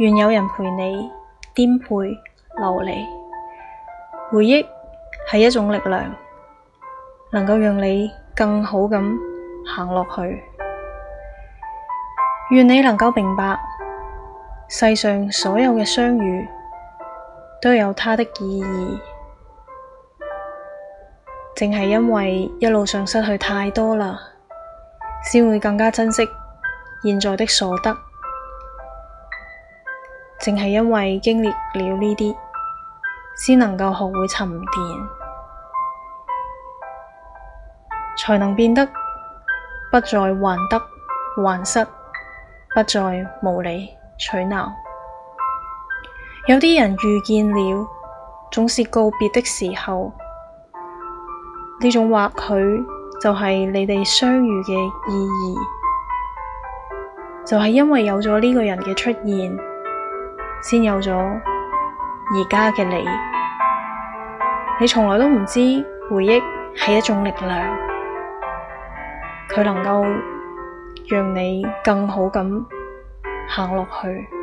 願有人陪你顛沛流離，回憶係一種力量，能夠讓你更好咁行落去。願你能夠明白，世上所有嘅相遇都有它的意義，正係因為一路上失去太多啦，先會更加珍惜現在的所得。正係因為經歷了呢啲，先能夠學會沉澱，才能變得不再患得患失，不再無理取鬧。有啲人遇見了，總是告別的時候，呢種或許就係你哋相遇嘅意義，就係、是、因為有咗呢個人嘅出現。先有咗而家嘅你，你從來都唔知回憶係一種力量，佢能夠讓你更好咁行落去。